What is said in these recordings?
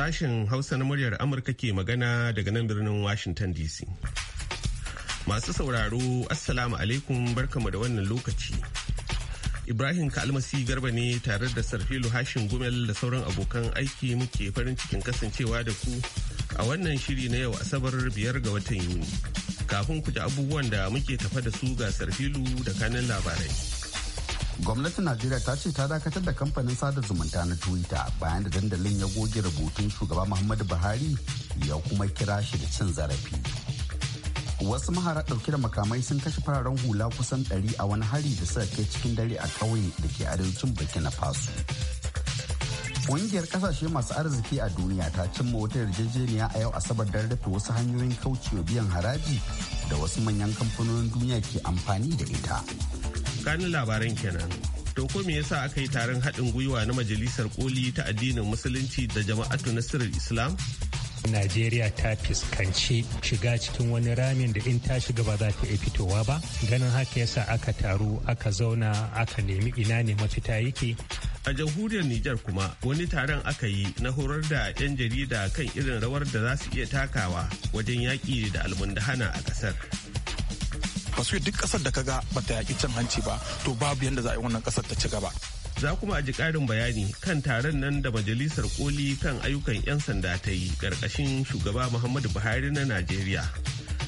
Sashen Hausa na muryar Amurka ke magana daga nan birnin Washington DC. Masu sauraro, Assalamu alaikum barkamu da wannan lokaci. Ibrahim Kalmasi Garba ne tare da Sarfilu Hashim Gumel da sauran abokan aiki muke farin cikin kasancewa da ku a wannan shiri na yau Asabar biyar ga watan Yuni. Kafin ku ji abubuwan da muke tafa da su ga Sarfilu da kanin labarai. gwamnatin najeriya ta ce ta dakatar da kamfanin sada zumunta na twitter bayan da dandalin ya goge rubutun shugaba muhammadu buhari ya kuma kira shi da cin zarafi wasu mahara ɗauke da makamai sun kashe fararen hula kusan 100 a wani hari da suka kai cikin dare a ƙauye da ke arewacin burkina faso Ƙungiyar kasashe masu arziki a duniya ta cimma wata yarjejeniya a yau asabar don rufe wasu hanyoyin kaucewa biyan haraji da wasu manyan kamfanonin duniya ke amfani da ita kanin labaran kenan to ko me yasa aka yi taron haɗin gwiwa na majalisar koli ta addinin musulunci da jama'atu na nasirar islam Najeriya ta fuskanci shiga cikin wani ramin da in ta shiga ba za ta iya fitowa ba ganin haka yasa aka taru aka zauna aka nemi ina ne mafita yake a jamhuriyar Nijar kuma wani taron aka yi na horar da 'yan jarida kan irin rawar da za su iya takawa wajen yaƙi da almundahana a ƙasar. Paske duk ƙasar da kaga bata yaki cin hanci ba to babu yadda za a yi wannan ƙasar ta ci gaba. Za kuma a ji ƙarin bayani kan taron nan da Majalisar Koli kan ayyukan 'yan sanda ta yi ƙarƙashin shugaba Muhammadu Buhari na Najeriya.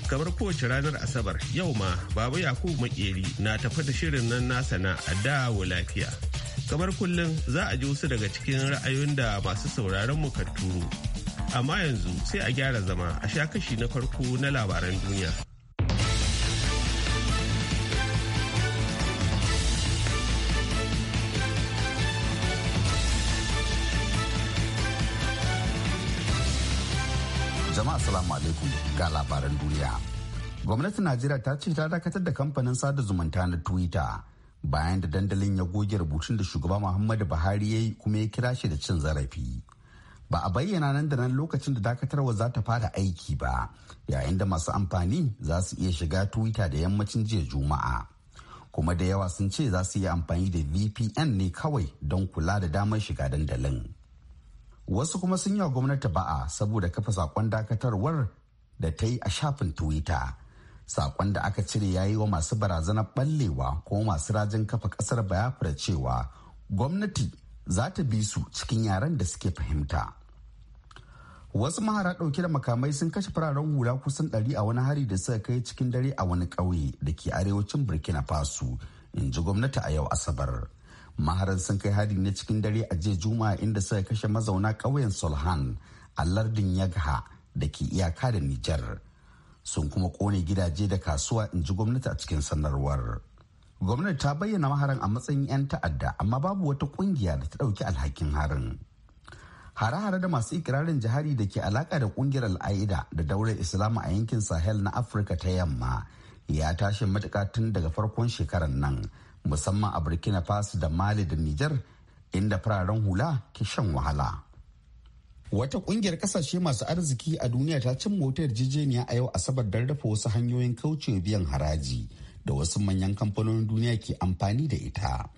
kamar kowace ranar asabar yau ma baba yakubu makeri na tafi da shirin nan nasa na dawo lafiya kamar kullum za a ji wasu daga cikin ra'ayoyin da masu sauraron mu turu, amma yanzu sai a gyara zama a sha kashi na farko na labaran duniya Assalamu alaikum ga labaran duniya. Gwamnatin Najeriya ta ce ta dakatar da kamfanin sada zumunta na Twitter bayan da dandalin ya goge rubutun da shugaba Muhammadu Buhari ya yi kuma ya kira shi da cin zarafi. Ba a bayyana nan da nan lokacin da dakatarwa za ta fara aiki ba, yayin da masu amfani za su iya shiga Twitter da yammacin jiya Juma'a. Kuma da yawa sun ce za su yi amfani da VPN ne kawai don kula da damar shiga dandalin. wasu kuma sun yi wa gwamnati ba'a saboda kafa sakon dakatarwar da ta yi a shafin twitter sakon da aka cire ya yi wa masu barazanar ballewa ko masu rajin kafa kasar bayafra cewa gwamnati za ta bi su cikin yaren da suke fahimta wasu mahara ɗauke da makamai sun kashe fararen hula kusan ɗari a wani hari da suka kai cikin dare a wani ƙauye da ke arewacin burkina faso in ji gwamnati a yau asabar. maharan sun kai hari na cikin dare a jiya juma'a inda suka kashe mazauna ƙauyen solhan a lardin yagha da ke iyaka da nijar sun kuma kone gidaje da kasuwa in ji gwamnati a cikin sanarwar gwamnati ta bayyana maharan a matsayin 'yan ta'adda amma babu wata kungiya da ta ɗauki alhakin harin hare-hare da masu ikirarin jihari da ke alaka da kungiyar al'aida da daular Islam a yankin sahel na afirka ta yamma ya tashi matuƙa tun daga farkon shekarar nan musamman a burkina faso da mali da nijar inda fararen hula ke shan wahala wata kungiyar kasashe masu arziki a duniya ta cin motar jijeniya a yau asabar don rufe wasu hanyoyin kaucewa biyan haraji da wasu manyan kamfanonin duniya ke amfani da ita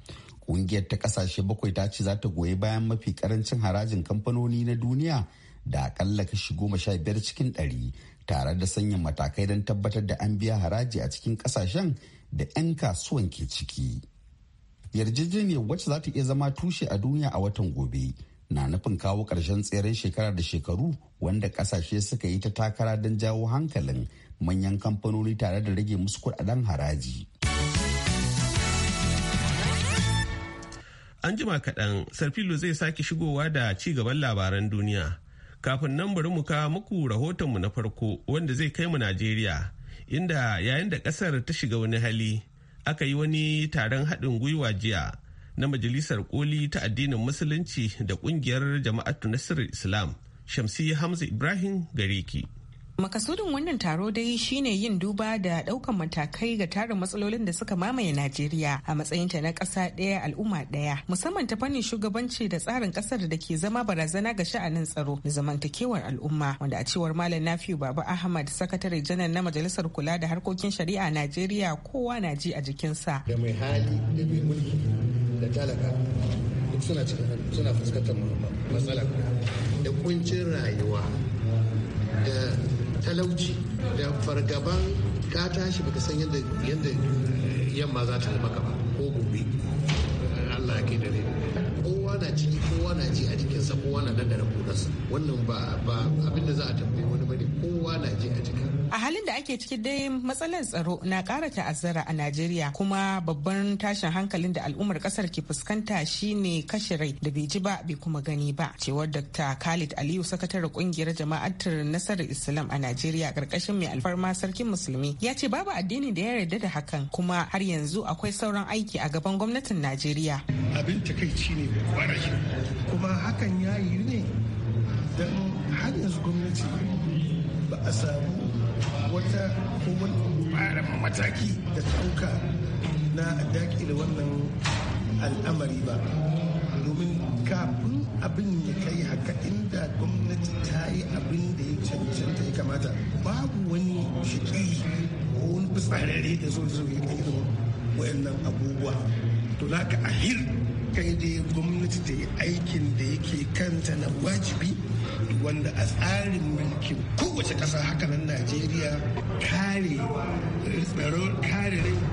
kungiyar ta kasashe bakwai ta ce za ta goyi bayan mafi karancin harajin kamfanoni na duniya da akalla kashi goma sha biyar cikin ɗari tare da sanya matakai don tabbatar da an biya haraji a cikin kasashen da 'yan kasuwan ke ciki. Yarjejeniyar wacce za ta iya zama tushe a duniya a watan gobe na nufin kawo ƙarshen tseren shekara da shekaru wanda kasashe suka yi ta takara don jawo hankalin manyan kamfanoni tare da rage musu kuɗaɗen haraji. An jima kaɗan, Sarfilo zai sake shigowa da ci gaban labaran duniya. Kafin nan bari mu kawo muku mu na farko wanda zai kai mu Najeriya, inda yayin da ƙasar ta shiga wani hali, aka yi wani taron haɗin gwiwa jiya na Majalisar Koli ta addinin Musulunci da ƙungiyar Jama'atu Nasirar Islam, Shamsi Hamza Ibrahim ki Makasudin wannan taro dai shine yin duba da daukan matakai ga tarin matsalolin da suka mamaye Najeriya a matsayinta na ƙasa ɗaya al'umma ɗaya musamman ta fannin shugabanci da tsarin ƙasar da ke zama barazana ga sha'anin tsaro da zamantakewar al'umma wanda a cewar Malam Nafiu Baba Ahmad sakatare janar na Majalisar Kula da Harkokin Shari'a Najeriya kowa na ji a jikinsa. Da mai hali da mai mulki da talaka duk suna suna fuskantar matsala da kuncin rayuwa da talauci da fargaban ka tashi baka san yadda yadda yamma za ta maka ba ko gobe Allah ke dare kowa na ciki kowa na ji a jikinsa kowa na nan da rabuwarsa wannan ba abinda za a tambayi wani bane kowa na ji a jikin A halin da ake ciki dai matsalar tsaro na ƙara ta'azzara a Najeriya kuma babban tashin hankalin da al'ummar ƙasar ke fuskanta shine kashe rai da bai ji ba bai kuma gani ba. Cewar Dr. Khalid Aliyu sakatare ƙungiyar jama'atar nasarar Islam a Najeriya ƙarƙashin mai alfarma sarkin musulmi ya ce babu addini da ya yarda da hakan kuma har yanzu akwai sauran aiki a gaban gwamnatin Najeriya. Abin takaici ne kuma hakan ya yi ne don har yanzu gwamnati ba a samu wata ko wani mataki da ɗauka na daƙile wannan al'amari ba domin kafin abin ya kai haka inda gwamnati ta yi abin da ya cancanta ya kamata babu wani shiƙi ko wani fitsararre da so so ya kai wayannan abubuwa to na ka ahir kai da gwamnati ta yi aikin da yake kanta na wajibi wanda a tsarin mulkin kowace ƙasa haka nan najeriya kare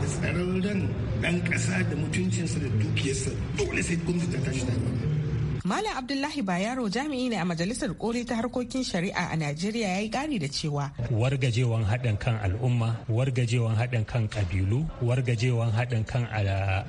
tsaron ran ɗan ƙasa da mutuncinsa da dukiyarsa dole sai gwamnati ta tashi da Malam Abdullahi Bayaro jami'i ne a Majalisar Koli ta harkokin shari'a a Najeriya ya yi ƙari da cewa. Wargajewan haɗin kan al'umma, wargajewan haɗin kan ƙabilu, wargajewan haɗin kan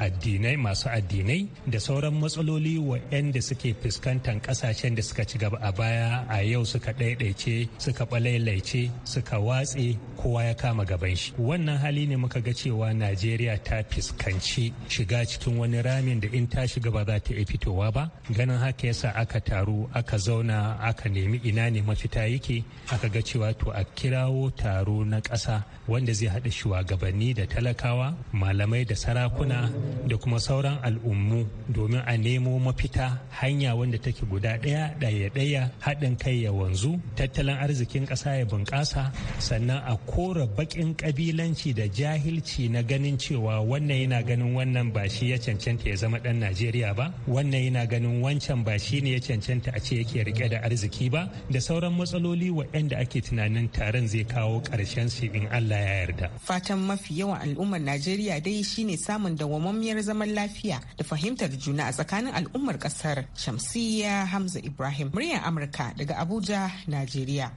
addinai masu addinai da sauran matsaloli waɗanda suke fuskantar ƙasashen da suka ci gaba a baya a yau suka ɗaiɗaice, suka ɓalailaice, suka watse kowa ya kama gaban shi. Wannan hali ne muka ga cewa Najeriya ta fuskanci shiga cikin wani ramin da in ta shiga ba za ta iya fitowa ba. Ganin ke yasa aka taru aka zauna aka nemi ina ne mafita yake aka ga cewa to a kirawo taro na ƙasa wanda zai haɗa shugabanni da talakawa malamai da sarakuna da kuma sauran al'ummu domin a nemo mafita hanya wanda take guda ɗaya ɗaya ɗaya haɗin kai ya wanzu tattalin arzikin ƙasa ya bunƙasa sannan a kora baƙin ƙabilanci da jahilci na ganin cewa wannan yana ganin wannan ba shi ya cancanta ya zama ɗan najeriya ba wannan yana ganin wancan ba shi ne ya cancanta a ce yake riƙe da arziki ba da sauran matsaloli waɗanda ake tunanin taron zai kawo ƙarshen su in allah Allah ya yarda. Fatan mafi yawan al'ummar Najeriya dai shine samun dawwammamiyar zaman lafiya da fahimtar juna a tsakanin al'ummar kasar. Shamsiyya Hamza Ibrahim, muryar Amurka daga Abuja, Najeriya.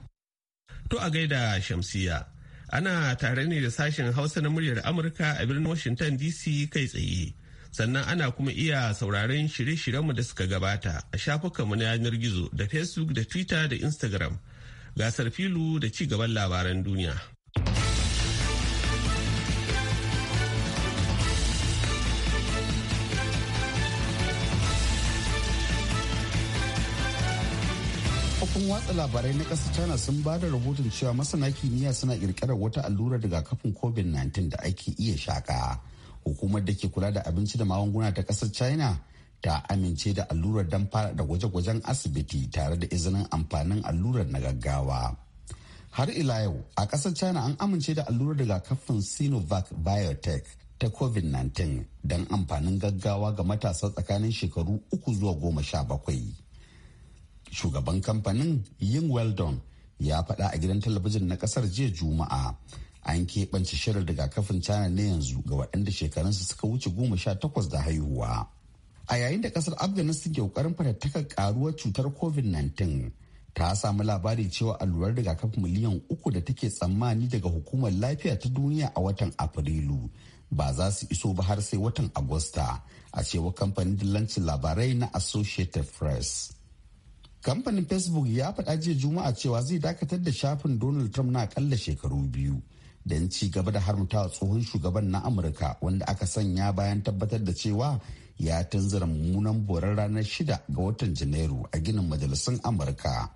To a gaida Shamsiyya. Ana tare ne da sashen Hausa na muryar Amurka a birnin Washington DC kai tsaye. sannan ana kuma iya sauraron shirye-shiryenmu da suka gabata a shafukanmu na yanar gizo da facebook da twitter da instagram gasar filu da ci gaban labaran duniya. kafin watsa labarai na ƙasar china sun ba da rahoton cewa masana kimiyya suna ƙirƙirar wata allurar rigakafin covid-19 da ake iya shaka hukumar da ke kula da abinci da magunguna ta ƙasar china ta amince da allurar don fara da gwaje-gwajen asibiti tare da izinin amfanin allurar na gaggawa har ila yau a ƙasar china an amince da allurar rigakafin sinovac biotech ta covid-19 don amfanin gaggawa ga matasa tsakanin shekaru uku zuwa goma sha bakwai shugaban kamfanin yin weldon ya faɗa a gidan talabijin na ƙasar jiya juma'a an keɓance shirin rigakafin china na yanzu ga waɗanda shekarunsu suka wuce goma sha takwas da haihuwa a yayin da ƙasar afghanistan ke ƙoƙarin fatattakar ƙaruwar cutar covid-19 ta samu labari cewa allurar rigakafin miliyan uku da take tsammani daga hukumar lafiya ta duniya a watan afrilu ba za su iso ba har sai watan agusta a cewar kamfanin dillancin labarai na associated press kamfanin facebook ya faɗa jiya juma'a cewa zai dakatar da shafin donald trump na akalla shekaru biyu don ci gaba da harmatawa tsohon shugaban na amurka wanda aka sanya bayan tabbatar da cewa ya tunzura mummunan borar ranar shida ga watan janairu a ginin majalisun amurka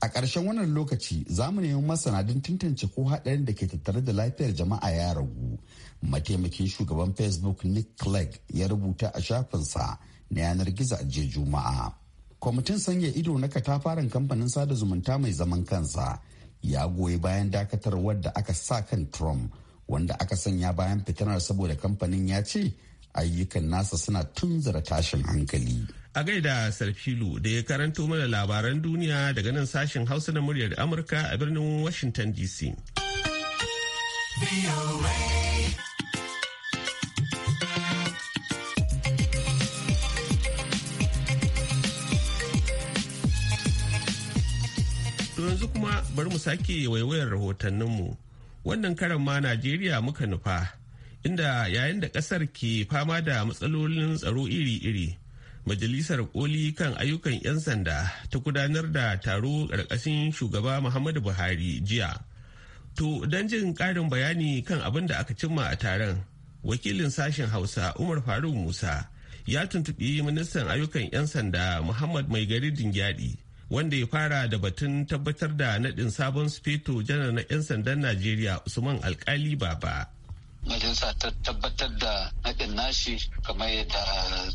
a ƙarshen wannan lokaci za mu nemi masana don tantance ko haɗarin da ke tattare da lafiyar jama'a ya ragu mataimakin shugaban facebook nick clegg ya rubuta a shafinsa na yanar gizo a jiya juma'a kwamitin sanya ido na katafaren kamfanin sada zumunta mai zaman kansa ya goyi bayan dakatarwar da aka sa kan trump wanda aka sanya bayan fitinar saboda kamfanin ya ce ayyukan nasa suna tunzura tashin hankali a gaida sarfilu da ya karanto mana labaran duniya daga nan sashen hausa na muryar amurka a birnin washington dc yanzu kuma bari mu sake waiwayar rahotanninmu. Wannan karan ma Najeriya muka nufa, inda yayin da kasar ke fama da matsalolin tsaro iri-iri. Majalisar koli kan ayyukan 'yan sanda ta gudanar da taro ƙarƙashin shugaba Muhammadu Buhari jiya. To, don jin ƙarin bayani kan abin da aka cimma a taron, wakilin sashen Hausa Umar Faruk Musa ya tuntuɓi ministan ayyukan 'yan sanda Muhammad Mai Gari Dingyadi. wanda ya fara da batun tabbatar da naɗin sabon sufeto janar na 'yan sandan najeriya usman alkali ba. majalisa ta tabbatar da naɗin nashi kamar yadda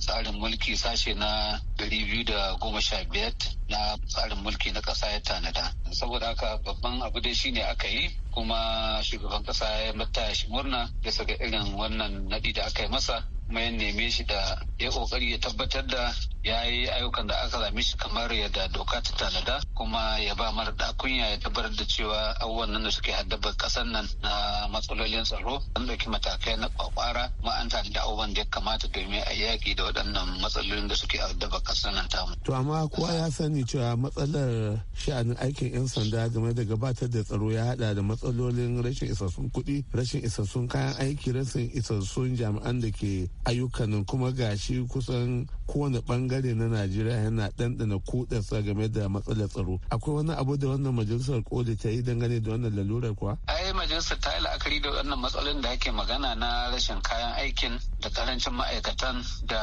tsarin mulki sashe na 215 na tsarin mulki na ƙasa ya tanada saboda haka babban abu dai shine aka yi kuma shugaban ƙasa ya mata shi murna ya saka irin wannan naɗi da aka yi masa kuma ya neme shi da ya ƙoƙari ya tabbatar da ya yi ayyukan da aka zame shi kamar yadda doka ta tanada kuma ya ba mara dakunya ya tabbatar da cewa abubuwan nan da suke haddaba kasar nan na matsalolin tsaro an dauki matakai na kwakwara kuma an da abubuwan da ya kamata domin a yaki da waɗannan matsalolin da suke haddaba kasar nan tamu. to amma kowa ya sani cewa matsalar sha'anin aikin 'yan sanda game da gabatar da tsaro ya hada da matsalolin rashin isassun kuɗi rashin isassun kayan aiki rashin isassun jami'an da ke ayyukan kuma gashi kusan kowane bangare na najeriya yana ɗanɗana sa game da matsalar tsaro akwai wani abu da wannan majalisar koli ta yi dangane da wannan lalurar kuwa ai majalisar ta yi la'akari da wannan matsalolin da ake magana na rashin kayan aikin da karancin ma'aikatan da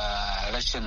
rashin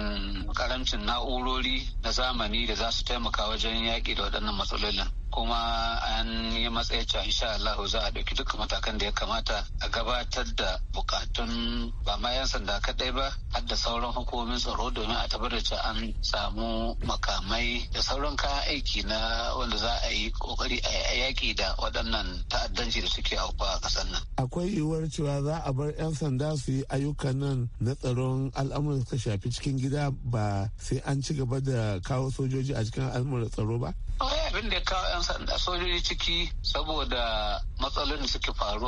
karancin na'urori na zamani da za su taimaka wajen yaƙi da waɗannan matsalolin kuma an yi matsayi cewa insha Allah za a ɗauki duka matakan da ya kamata a gabatar da bukatun ba ma 'yan sanda kaɗai ba har da sauran hukumomin tsaro domin a tabbatar da an samu makamai da sauran kayan aiki na wanda za a yi kokari a yaƙi da waɗannan ta'addanci da suke auku a ƙasar nan. Akwai yiwuwar cewa za a bar 'yan sanda su yi ayyukan nan na tsaron al'amuran da suka shafi cikin gida ba sai an ci gaba da kawo sojoji a cikin al'amuran tsaro ba? Ai abin da ya kawo 'yan sojoji ciki saboda matsalolin suke faru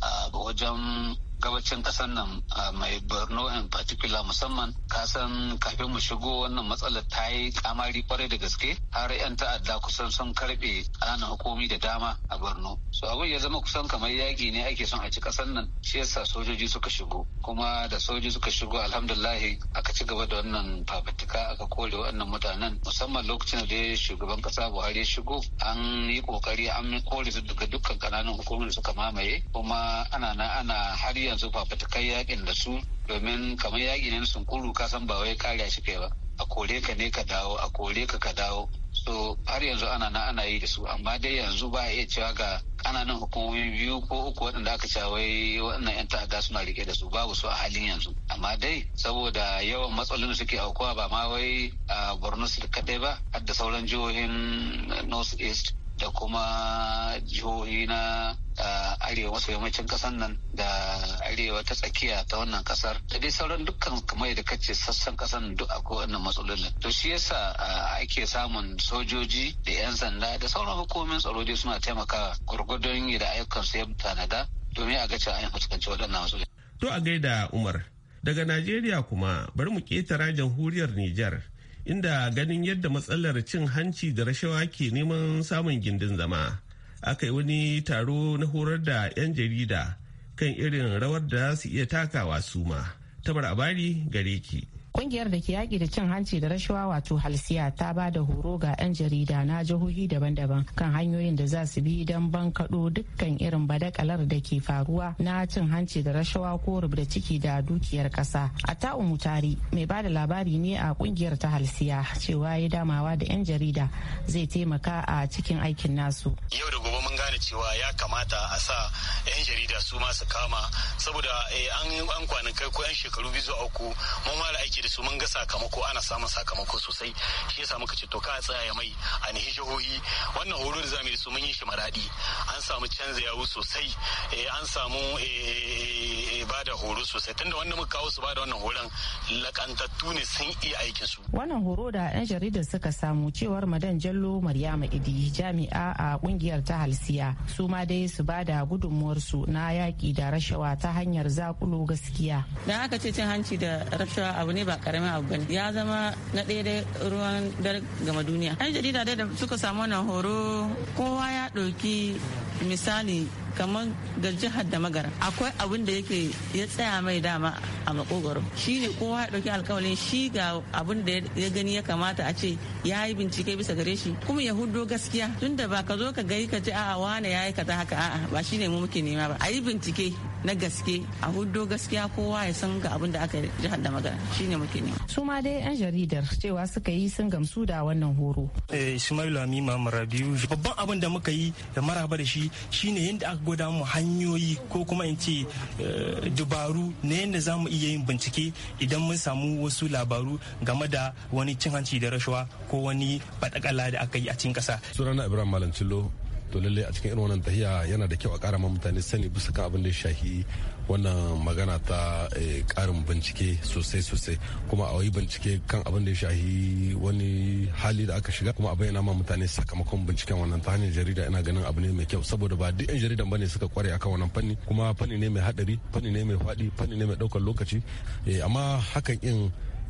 a wajen gabacin kasar nan mai borno in particular musamman kasan kafin mu shigo wannan matsalar ta yi kamari kwarai da gaske har 'yan ta'adda kusan sun karbe ana hukumi da dama a borno so abin ya zama kusan kamar yaki ne ake son a ci kasar nan shi yasa sojoji suka shigo kuma da sojoji suka shigo alhamdulahi aka ci gaba da wannan fafutuka aka kore wannan mutanen musamman lokacin da shugaban kasa buhari ya shigo an yi kokari an kore su daga dukkan ƙananan hukumar da suka mamaye kuma ana na ana har yanzu kai yakin da su domin kamar yaƙi ne sunkuru ka san ba wai kariya shi kai ba a kore ka ne ka dawo a kore ka ka dawo so har yanzu ana na ana yi da su amma dai yanzu ba a iya cewa ga ƙananan hukumomi biyu ko uku waɗanda aka cewa wai waɗannan 'yan ta'adda suna rike da su babu su a halin yanzu amma dai saboda yawan matsalolin da suke aukuwa ba ma wai a borno kadai ba har da sauran jihohin north east da kuma jihohi na arewa maso yammacin kasar nan da arewa ta tsakiya ta wannan kasar da dai sauran dukkan kamar da kace sassan kasar duk akwai wannan matsalolin to shi yasa ake samun sojoji da 'yan sanda da sauran hukumomin tsaro dai suna taimakawa gwargwadon yi da ayyukan su ya tanada domin a ga cewa an fuskanci waɗannan matsaloli. To a gaida Umar daga Najeriya kuma bari mu ƙetara jamhuriyar Nijar inda ganin yadda matsalar cin hanci da rashawa ke neman samun gindin zama aka yi wani taro na horar da 'yan jarida kan irin rawar da su iya takawa su ma tabar abari gare ki. Kungiyar da ke yaƙi da cin hanci da rashawa wato halsiya ta ba da horo ga 'yan jarida na jihohi daban-daban kan hanyoyin da za su bi don ban kaɗo dukkan irin badakalar da ke faruwa na cin hanci da rashawa ko rubda ciki da dukiyar ƙasa. ta'u Mutari mai ba da labari ne a kungiyar ta halsiya cewa ya damawa da 'yan jarida zai taimaka a cikin aikin nasu. Yau da gobe mun gane cewa ya kamata a sa 'yan jarida su ma su kama saboda eh, an kwanakai ko 'yan shekaru biyu zuwa uku mun fara aiki ce da su mun ga sakamako ana samun sakamako sosai shi yasa muka ce to ka tsaya ya mai a nihi jihohi wannan horo da zamu yi su mun yi shi maradi an samu canza yawu sosai eh, an samu eh, eh, ba da horo sosai tunda wanda muka kawo su ba da wannan horon lakantattu ne sun iya aikin su wannan horo da yan jaridar suka samu cewar madan jallo maryama idi jami'a a kungiyar ta halsiya su ma dai su ba da gudunmuwar su na yaki da rashawa ta hanyar zakulo gaskiya dan aka ce cin hanci da rashawa abu ne ba karamin abu bane ya zama na ɗaya da ruwan dare gama duniya yan jarida dai da suka samu wannan horo kowa ya ɗauki misali kamar ga jihar da magara akwai abin da yake ya tsaya mai dama a makogaro shi ne kowa ya ɗauki alkawalin shi ga abin da ya gani ya kamata a ce ya yi bincike bisa gare shi kuma ya hudo gaskiya tunda ba ka zo ka gari ka ce a'a wane ya yi kaza haka a'a ba shi ne mu muke nema ba a yi bincike na gaske a hudo gaskiya kowa ya san ga abin da aka jihar da magana shine muke nema su ma dai yan jaridar cewa suka yi sun gamsu da wannan horo eh ismailu amima marabiyu babban abin da muka yi da maraba da shi shine yadda aka gwada mu hanyoyi ko kuma in ce eh, dubaru na yadda za mu iya yin bincike idan mun samu wasu labaru game da wani cin hanci da rashawa ko wani batakala da aka yi a cikin kasa. Sunana Ibrahim Malam Cillo to lallai a cikin irin wannan tahiya yana da kyau a kara mutane sani bisa kan abin da ya shahi wannan magana ta karin eh, bincike sosai sosai kuma a yi bincike kan abin da ya shahi wani hali da aka shiga kuma a bayyana ma mutane sakamakon binciken wannan ta hanyar jarida ina ganin abu ne mai kyau saboda ba duk 'yan jaridan bane suka kware akan wannan fanni kuma fanni ne mai hadari fanni ne mai faɗi fanni ne mai ɗaukar lokaci eh, amma hakan in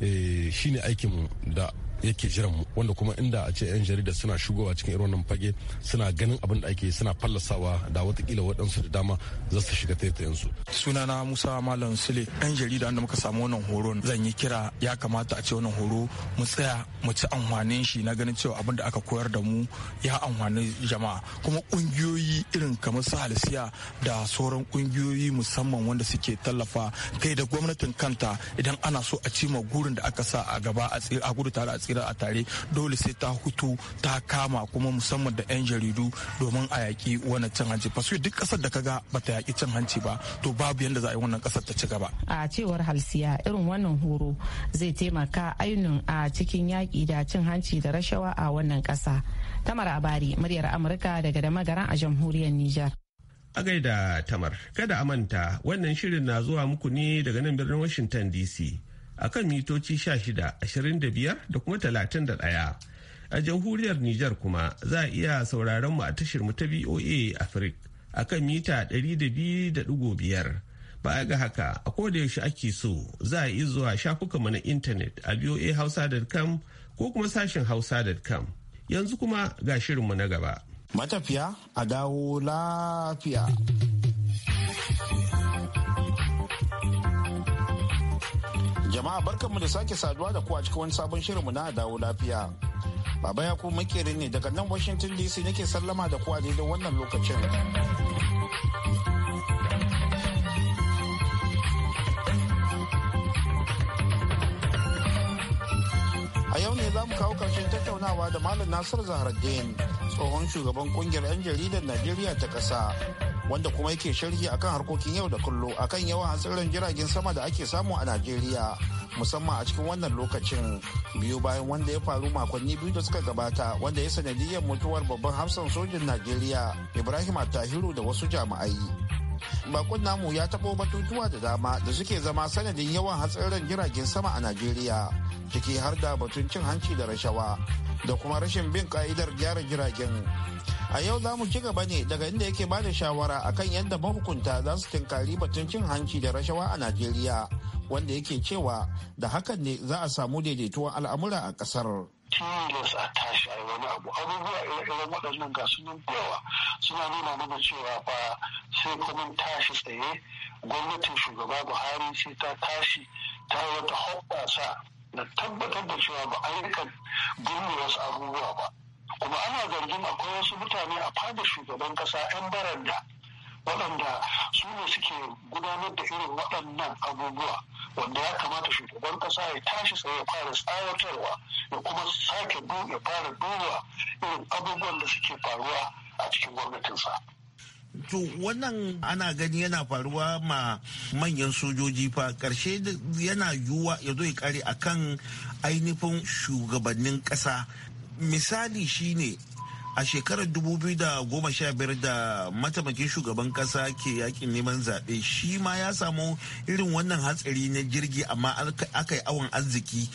eh, shine aikinmu da yake jiran mu wanda kuma inda a ce 'yan jarida suna shugowa cikin irin wannan fage suna ganin abin da ake suna fallasawa da watakila waɗansu da dama za su shiga suna sunana musa malam sule 'yan jarida da muka samu wannan horon zan yi kira ya kamata a ce wannan horo mu tsaya mu ci amfanin shi na ganin cewa abin da aka koyar da mu ya amfani jama'a kuma kungiyoyi irin kamar su halisiya da sauran kungiyoyi musamman wanda suke tallafa kai da gwamnatin kanta idan ana so a cima gurin da aka sa a gaba a gudu tare a tsira a tare dole sai ta hutu ta kama kuma musamman da 'yan jaridu domin a yaƙi wani cin hanci fasu duk ƙasar da ka ga ba ta yaƙi cin hanci ba to babu yadda za a yi wannan ƙasar ta ci gaba. a cewar halsiya irin wannan horo zai taimaka ainun a cikin yaƙi da cin hanci da rashawa a wannan ƙasa tamar abari muryar amurka daga da magaran a jamhuriyar nijar. a gaida tamar kada a manta wannan shirin na zuwa muku ne daga nan birnin washington dc a kan mitoci 16, 25 da kuma 31. A jamhuriyar Nijar kuma za a iya sauraron mu a tashar mu ta BOA Africa kan mita 200.5. a ga haka, a koda yaushe ake so za a iya zuwa shafukanmu na intanet a voahausa.com ko kuma sashen hausa.com. Yanzu kuma ga shirinmu na gaba. Matafiya a dawo lafiya. Jama'a barkanmu da sake saduwa da ku a cikin wani sabon shirinmu na dawo lafiya. Baba ya ku makerin ne daga nan Washington DC nake sallama da ku a daidai wannan lokacin. a yau ne za mu kawo karshen tattaunawa da malam nasir zaharaddin tsohon shugaban kungiyar 'yan jaridar najeriya ta ƙasa wanda kuma yake sharhi akan harkokin yau da kullo akan yawan hatsarin jiragen sama da ake samu a najeriya musamman a cikin wannan lokacin biyu bayan wanda ya faru makonni biyu da suka gabata wanda ya sanadiyar mutuwar babban hafsan sojin najeriya ibrahim attahiru da wasu jami'ai bakon namu ya taɓo batutuwa da dama da suke zama sanadin yawan hatsarin jiragen sama a najeriya ciki har da batun cin hanci da rashawa da kuma rashin bin ka'idar gyara jiragen a yau za mu ci gaba ne daga inda yake ba da shawara akan yadda mahukunta za su tinkari batun cin hanci da rashawa a najeriya wanda yake cewa da hakan ne za a samu daidaituwan al'amura a ƙasar. tilas a tashi a wani abu abubuwa irin waɗannan ga sunan yawa suna nuna mana cewa ba sai kuma tashi tsaye gwamnatin shugaba buhari sai ta tashi ta wata hoɓɓasa na tabbatar da cewa ba a rika binne wasu abubuwa ba kuma ana zargin akwai wasu mutane a fadar shugaban ƙasa 'yan baranda waɗanda su ne suke gudanar da irin waɗannan abubuwa wanda ya kamata shugaban kasa ya tashi sai ya fara tsawatarwa ya kuma sake ya fara duba irin abubuwan da suke faruwa a cikin gwamnatinsa. To wannan ana gani yana faruwa ma manyan sojoji fa karshe yana yiwuwa ya zo ya kare akan ainihin shugabannin ƙasa misali shine a shekarar 2015 da matamakin shugaban kasa ke yakin neman zaɓe shi ma ya samu irin wannan hatsari na jirgi amma aka yi awon arziki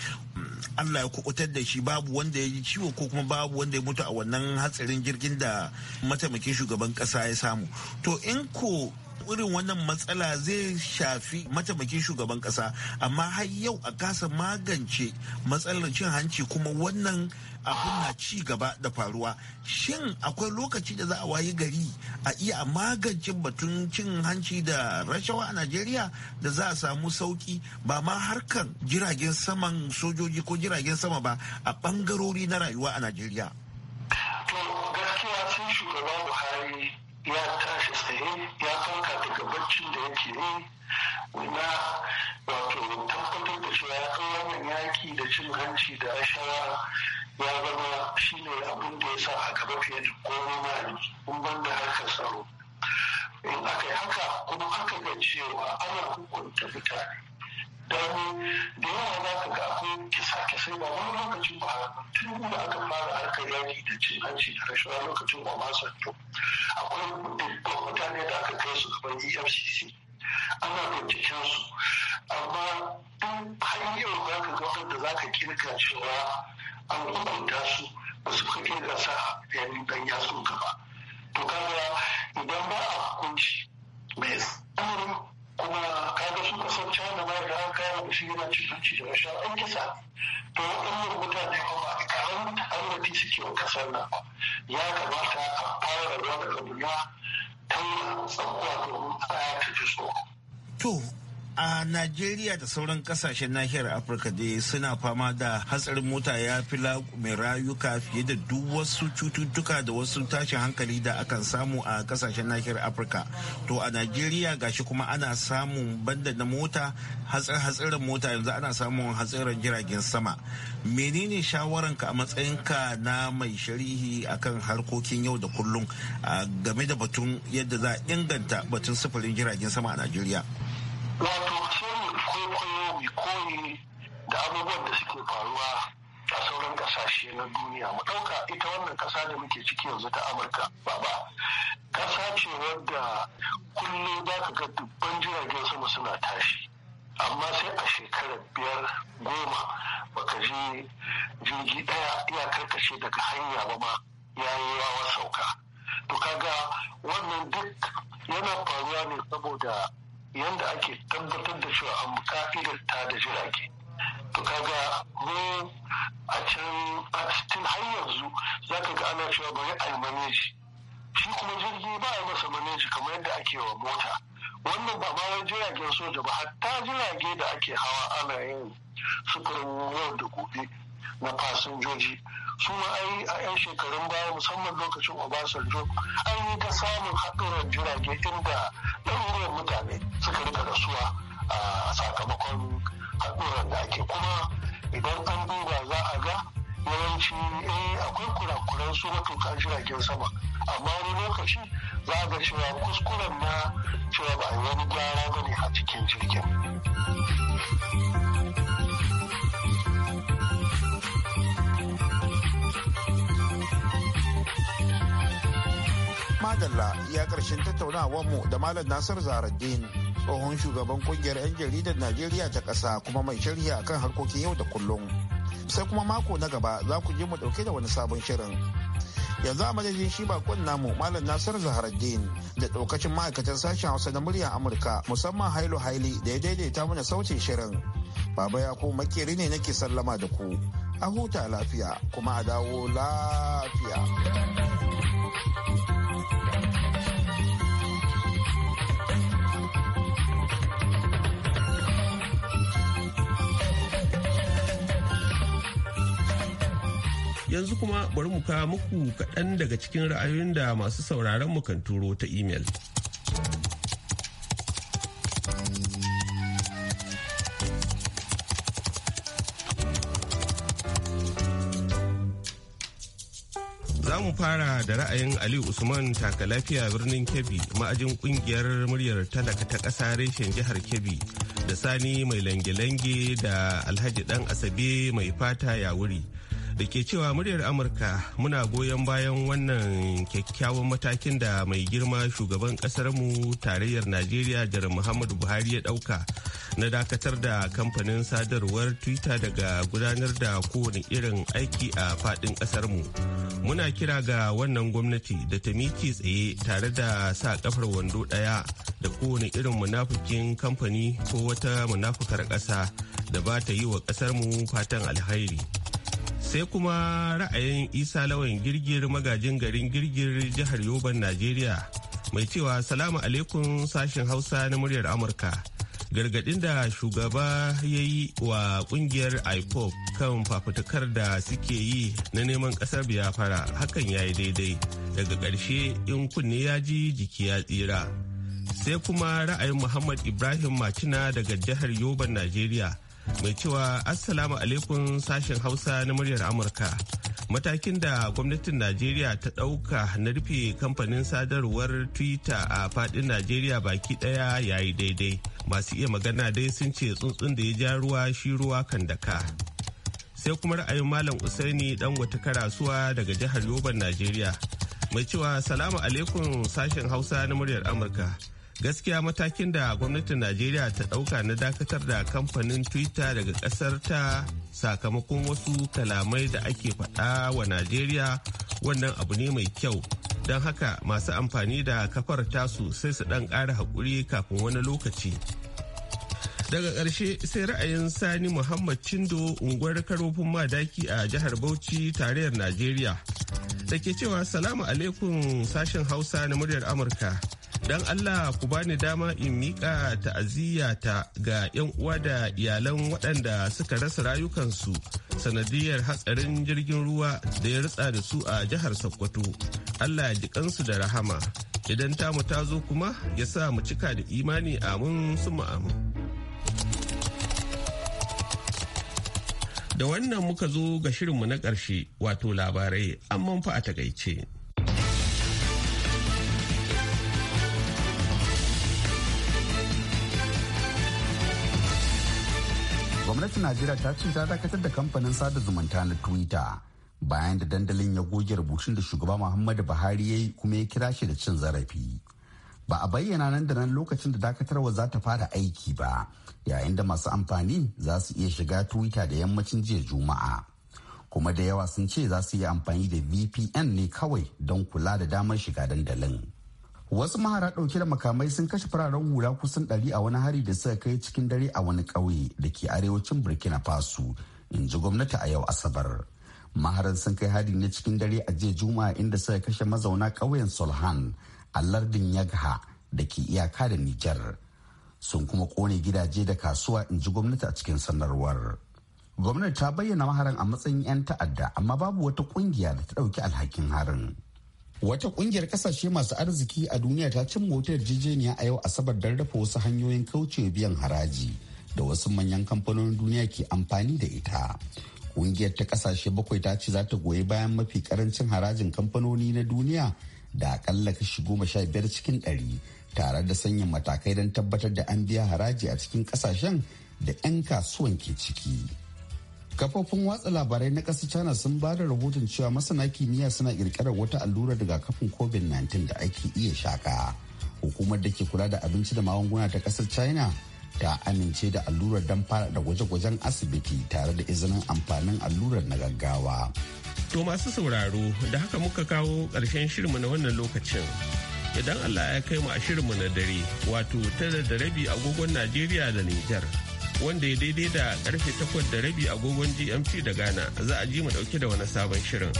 allah ya kubutar da shi babu wanda ya yi ciwo ko kuma babu wanda ya mutu a wannan hatsarin jirgin da mataimakin shugaban kasa ya samu to in ko irin wannan matsala zai shafi mataimakin shugaban kasa amma har yau a kasa magance matsalar cin hanci kuma wannan abin na ci gaba da faruwa shin akwai lokaci da za a wayi gari a iya magance batun cin hanci da rashawa a najeriya da za a samu sauki ba ma harkan jiragen saman sojoji ko jiragen sama ba a bangarori na rayuwa a najeriya ya tashi ya wato tabbatar da cewa ya kawo wannan yaki da cin hanci da ashara ya zama shi ne abin da ya sa a gaba fiye da goma mali in ban da harkar tsaro in aka yi haka kuma aka ga cewa ana hukunta mutane don da yawa za ka ga akwai kisa kisa ba wani lokacin ba tun da aka fara harkar yaki da cin hanci da rashawa lokacin ba ma santo akwai dubban mutane da aka kai su gaban efcc ana binciken su amma duk hanyar za ka ga wanda za ka kirka cewa an hukunta su ba su gasa da sa yanin dan sun ka ba to kaga idan ba a hukunci mai tsarin kuma kaga su kasar cana ma da an kaya da su yana cin da rashin an kisa to waɗannan mutane kuma a karamin ta'arrafi suke wa kasar nan ya kamata a fara da wani abu na tauna tsakuwa domin a ta ji tsoro. a najeriya da sauran kasashen nahiyar afirka da suna fama da hatsarin mota ya fi mai rayuka fiye da duk wasu cututtuka da wasu tashin hankali da akan samu a kasashen nahiyar afirka to a najeriya gashi kuma ana samun banda na mota hatsarin mota yanzu ana samun hatsarin jiragen sama menene shawaranka a matsayinka na mai sharihi akan harkokin yau da kullum game da batun yadda za a inganta batun sufurin jiragen sama a najeriya wato sai mu kwaikwayo mu koyi da abubuwan da suke faruwa a sauran kasashe na duniya mu ɗauka ita wannan ƙasa da muke ciki yanzu ta amurka ba ba ƙasa ce wadda kullum za ka ga dubban jiragen sama suna tashi amma sai a shekarar biyar goma baka je jirgi ɗaya ya karkace daga hanya ba ma ya yi rawar sauka to kaga wannan duk yana faruwa ne saboda yadda ake tabbatar da cewa an ka'idar ta da jirage to kaga mu a can a cikin har yanzu za ka ga ana cewa bari a yi maneji shi kuma jirgi ba a masa maneji kamar yadda ake wa mota wannan ba ma jiragen soja ba hatta jirage da ake hawa ana yin sufurin yau da gobe na fasinjoji su ma ai a 'yan shekarun baya musamman lokacin obasanjo an yi ta samun haɗuran jirage inda ɗaruruwan mutane suka rika rasuwa a sakamakon haɗuran da ake kuma idan an duba za a ga yawanci eh akwai kurakuran su matuƙa jiragen sama amma wani lokaci za a ga cewa kuskuren na cewa ba wani gyara ba ne a cikin jirgin. madalla ya karshen mu da Malam Nasir Zaraddin tsohon shugaban kungiyar 'yan jaridar Najeriya ta ƙasa kuma mai sharhi akan harkokin yau da kullum. Sai kuma mako na gaba za ku je mu ɗauke da wani sabon shirin. yanzu a madadin shi bakon namu malam nasir zaharaddin da ɗaukacin ma'aikatan sashen hausa na muryar amurka musamman hailo haili da ya daidaita mana sautin shirin baba ya ko makeri ne nake sallama da ku a huta lafiya kuma a dawo lafiya. Yanzu kuma bari mu kawo muku kaɗan daga cikin ra'ayoyin da masu sauraron mu kan turo ta imel. da ra'ayin Ali Usman taka lafiya birnin Kebbi ma'ajin kungiyar muryar talaka ta ƙasa reshen jihar Kebbi da Sani mai lange-lange da Alhaji Dan Asabe mai fata ya wuri da ke cewa muryar amurka muna goyon bayan wannan kyakkyawan matakin da mai girma shugaban mu tarayyar najeriya jar muhammadu buhari ya dauka na dakatar da kamfanin sadarwar twitter daga gudanar da kowane irin aiki a fadin mu muna kira ga wannan gwamnati da ta miki tsaye tare da sa kafar wando daya da kowane irin munafukin kamfani ko wata munafukar ƙasa da ba ta yi wa ƙasarmu fatan alhairi sai kuma ra'ayin isa lawan girgir magajin garin girgir jihar yoban najeriya mai cewa salamu alaikum sashen hausa na muryar amurka gargadin da shugaba ya yi wa kungiyar ipop kan fafutukar da suke yi na neman kasar biyafara hakan ya yi daidai daga ƙarshe in kunne ya ji jiki ya tsira sai kuma ra'ayin muhammad ibrahim macina daga jihar yoban najeriya mai cewa assalamu alaikum sashen hausa na muryar amurka matakin da gwamnatin najeriya ta ɗauka na rufe kamfanin sadarwar twitter a fadin najeriya baki ɗaya yayi daidai masu iya magana dai sun ce tsuntsun da ya ja ruwa shi ruwa kan daka sai kuma ra'ayin malam usaini dan wata karasuwa daga jihar yoban najeriya mai cewa salamu alaikum sashen hausa na muryar amurka gaskiya matakin da gwamnatin najeriya ta dauka na dakatar da kamfanin twitter daga kasar ta sakamakon wasu kalamai da ake faɗa wa najeriya wannan abu ne mai kyau don haka masu amfani da kafar tasu sai su ɗan ƙara haƙuri kafin wani lokaci daga ƙarshe sai ra'ayin sani muhammad cindo unguwar karofin madaki a jihar bauchi tarayyar najeriya da ke cewa salamu alaikum sashen hausa na muryar amurka don Allah ku bani dama in miƙa ta'aziyyata ga 'yan uwa da iyalan waɗanda suka rasa rayukansu sanadiyar hatsarin jirgin ruwa da ya rutsa da su a jihar Sokoto. Allah ya kansu da rahama. Idan tamu ta zo kuma ya sa mu cika da imani amin su amin. Da wannan muka zo ga shirinmu na ƙarshe wato labarai an fa a takaice. gwamnatin najeriya ta ce ta dakatar da kamfanin sada zumunta na twitter bayan da dandalin ya goge rubutun da shugaba muhammadu buhari ya yi kuma ya kira shi da cin zarafi ba a bayyana nan da nan lokacin da dakatarwa za ta fara aiki ba yayin da masu amfani za su iya shiga twitter da yammacin jiya juma'a kuma da yawa sun ce za su yi amfani da vpn ne kawai don kula da damar shiga dandalin wasu mahara ɗauke da makamai sun kashe fararen hula kusan ɗari a wani hari da suka kai cikin dare a wani ƙauye da ke arewacin burkina faso in ji gwamnati a yau asabar maharan sun kai hari na cikin dare a jiya juma'a inda suka kashe mazauna ƙauyen solhan a lardin yagha da ke iyaka da nijar sun kuma kone gidaje da kasuwa in ji gwamnati a cikin sanarwar gwamnati ta bayyana maharan a matsayin 'yan ta'adda amma babu wata ƙungiya da ta ɗauki alhakin harin Wata kungiyar kasashe masu arziki a duniya ta cin wata yarjejeniya a yau asabar don rafa wasu hanyoyin kauce biyan haraji da wasu manyan kamfanonin duniya ke amfani da ita. Kungiyar ta kasashe bakwai ta ce za ta goyi bayan mafi karancin harajin kamfanoni na duniya da akalla kashi goma sha biyar cikin ɗari tare da sanya matakai don tabbatar da an biya haraji a cikin kasashen da 'yan kasuwan ke ciki. kafofin watsa labarai na ƙasar china sun ba da rahoton cewa masana kimiyya suna ƙirƙirar wata allurar rigakafin covid-19 da ake iya shaka hukumar da ke kula da abinci da magunguna ta ƙasar china ta amince da allurar don fara da gwaje-gwajen asibiti tare da izinin amfanin allurar na gaggawa to masu sauraro da haka muka kawo ƙarshen shirinmu na wannan lokacin idan allah ya kai mu a shirinmu na dare wato tara da rabi agogon najeriya da nijar wanda ya daidai da karfe takwas da rabi agogon GMT da Ghana za a ji mu dauke da wani sabon shirin.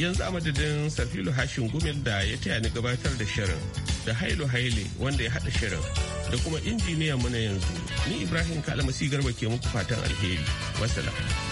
Yanzu a madadin safilu Hashin Gumel da ya taya ni gabatar da shirin da Hailu Haile wanda ya haɗa shirin da kuma injiniyan mu na yanzu ni Ibrahim kalamasi Garba ke muku fatan alheri. wasala.